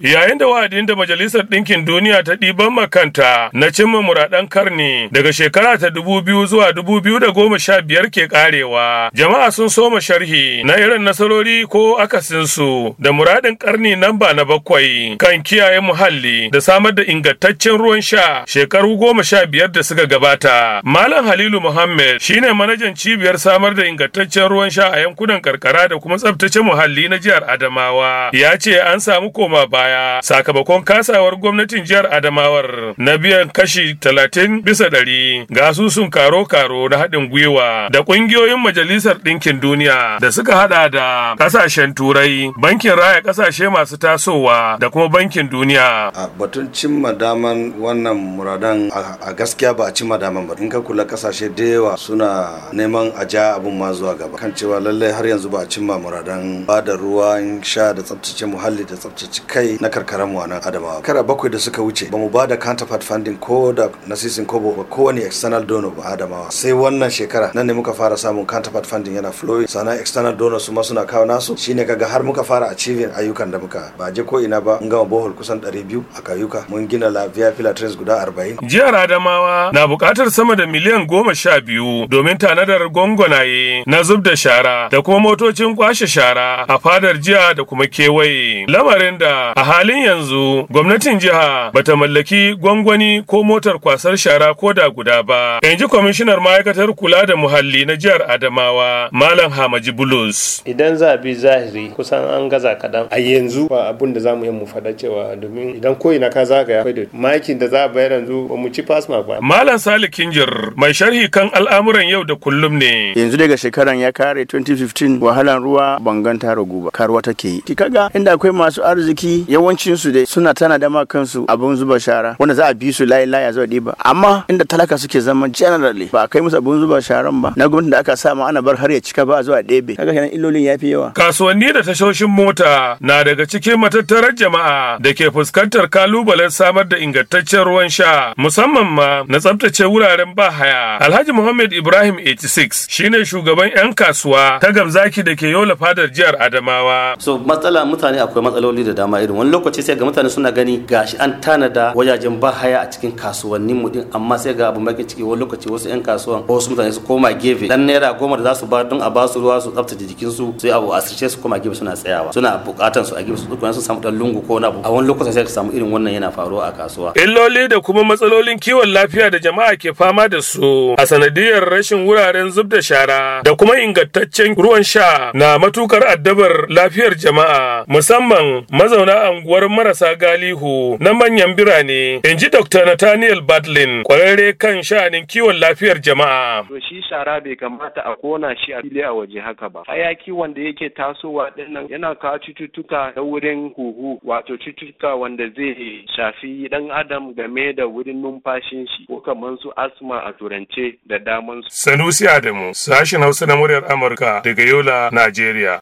Yayin da wa'adin da Majalisar Ɗinkin Duniya ta ɗiban makanta na cimma muradan karni daga shekara ta dubu biyu zuwa dubu biyu da goma sha biyar ke karewa, jama'a sun soma sharhi na irin nasarori ko akasinsu da muradin karni nan ba na bakwai kan kiyaye muhalli da samar da ingantaccen ruwan sha shekaru goma sha biyar da suka gabata. Malam Halilu Muhammad shine manajan cibiyar samar da ingantaccen ruwan sha a yankunan karkara da kuma tsabtace muhalli na jihar Adamawa. Ya ce an samu koma ba baya sakamakon kasawar gwamnatin jihar Adamawar na biyan kashi talatin bisa ɗari ga asusun karo-karo na haɗin gwiwa da ƙungiyoyin Majalisar Ɗinkin Duniya da suka haɗa da ƙasashen Turai, Bankin Raya ƙasashe masu tasowa da kuma Bankin Duniya. A batun cimma daman wannan muradan a gaskiya ba a cimma daman ba. In ka kula ƙasashe da yawa suna neman a ja abun ma zuwa gaba. Kan cewa lallai har yanzu ba a cimma muradan ba da ruwan sha da tsabtace muhalli da tsabtace kai na karkaran mu nan adamawa kara bakwai da suka wuce ba mu ba da counterpart funding ko da nasisin kobo ba kowane external donor ba adamawa sai wannan shekara nan ne muka fara samun counterpart funding yana flowing sana external donor su ma suna kawo nasu shine kaga har muka fara achieving ayyukan da muka ba je ko ina ba mun gama bohol kusan 200 a kayuka mun gina la via filatres guda 40 jihar adamawa na bukatar sama da miliyan goma sha biyu domin tanadar gwangwanaye na zub da shara da kuma motocin kwashe shara a fadar jiya da kuma kewaye lamarin da a halin yanzu gwamnatin jiha bata mallaki gwangwani ko motar kwasar shara ko da guda ba. Yanzu kwamishinar ma'aikatar kula da muhalli na jihar Adamawa Malam Hamaji Bulus. Idan za bi zahiri kusan an gaza kaɗan a yanzu ba abun da zamu yi mu faɗa cewa domin idan ko ina ka zagaya ya da makin da za a bayar yanzu ba mu ci fasma ba. Malam salik Kinjir mai sharhi kan al'amuran yau da kullum ne. Yanzu daga shekaran ya kare 2015 wahalan ruwa bangan ta ragu ba karuwa take yi. Ki kaga inda akwai masu arziki su dai suna tana dama kansu abun zuba shara wanda za a bi su layi layi a zuwa ɗiba amma inda talaka suke zama generally ba a kai musu abun zuba sharan ba na gwamnati da aka sa ma ana bar har ya cika ba a zuwa ɗebe kaga kenan illolin ya fi yawa. kasuwanni da tashoshin mota na daga cikin matattarar jama'a da ke fuskantar kalubalen samar da ingantaccen ruwan sha musamman ma na tsabtace wuraren bahaya alhaji muhammad ibrahim 86 shine shugaban 'yan kasuwa ta gamzaki da ke yola fadar jihar adamawa. so matsala mutane akwai matsaloli da dama irin wani lokaci sai ga mutane suna gani gashi an tanada wajajen ba haya a cikin kasuwannin mu din amma sai ga abu mai ciki wani lokaci wasu yan kasuwan ko wasu mutane su koma gefe dan naira goma da za su ba don a ba su ruwa su tsaftace jikin su sai abu a sirce su koma gefe suna tsayawa suna bukatan su a gefe su tsukuna su samu dan lungu ko wani abu a wani lokaci sai ka samu irin wannan yana faruwa a kasuwa illoli da kuma matsalolin kiwon lafiya da jama'a ke fama da su a sanadiyar rashin wuraren zub da shara da kuma ingantaccen ruwan sha na matukar addabar lafiyar jama'a musamman mazauna anguwar marasa galihu na manyan birane in ji dr nathaniel badlin kwararre kan sha'anin kiwon lafiyar jama'a to shi shara bai kamata a kona shi a fili a waje haka ba hayaki wanda yake tasowa dinnan yana kawo cututtuka na wurin huhu wato cututtuka wanda zai shafi dan adam game da wurin numfashin shi ko kamar su asma a turance da damansu sanusi adamu sashen hausa na muryar amurka daga yola najeriya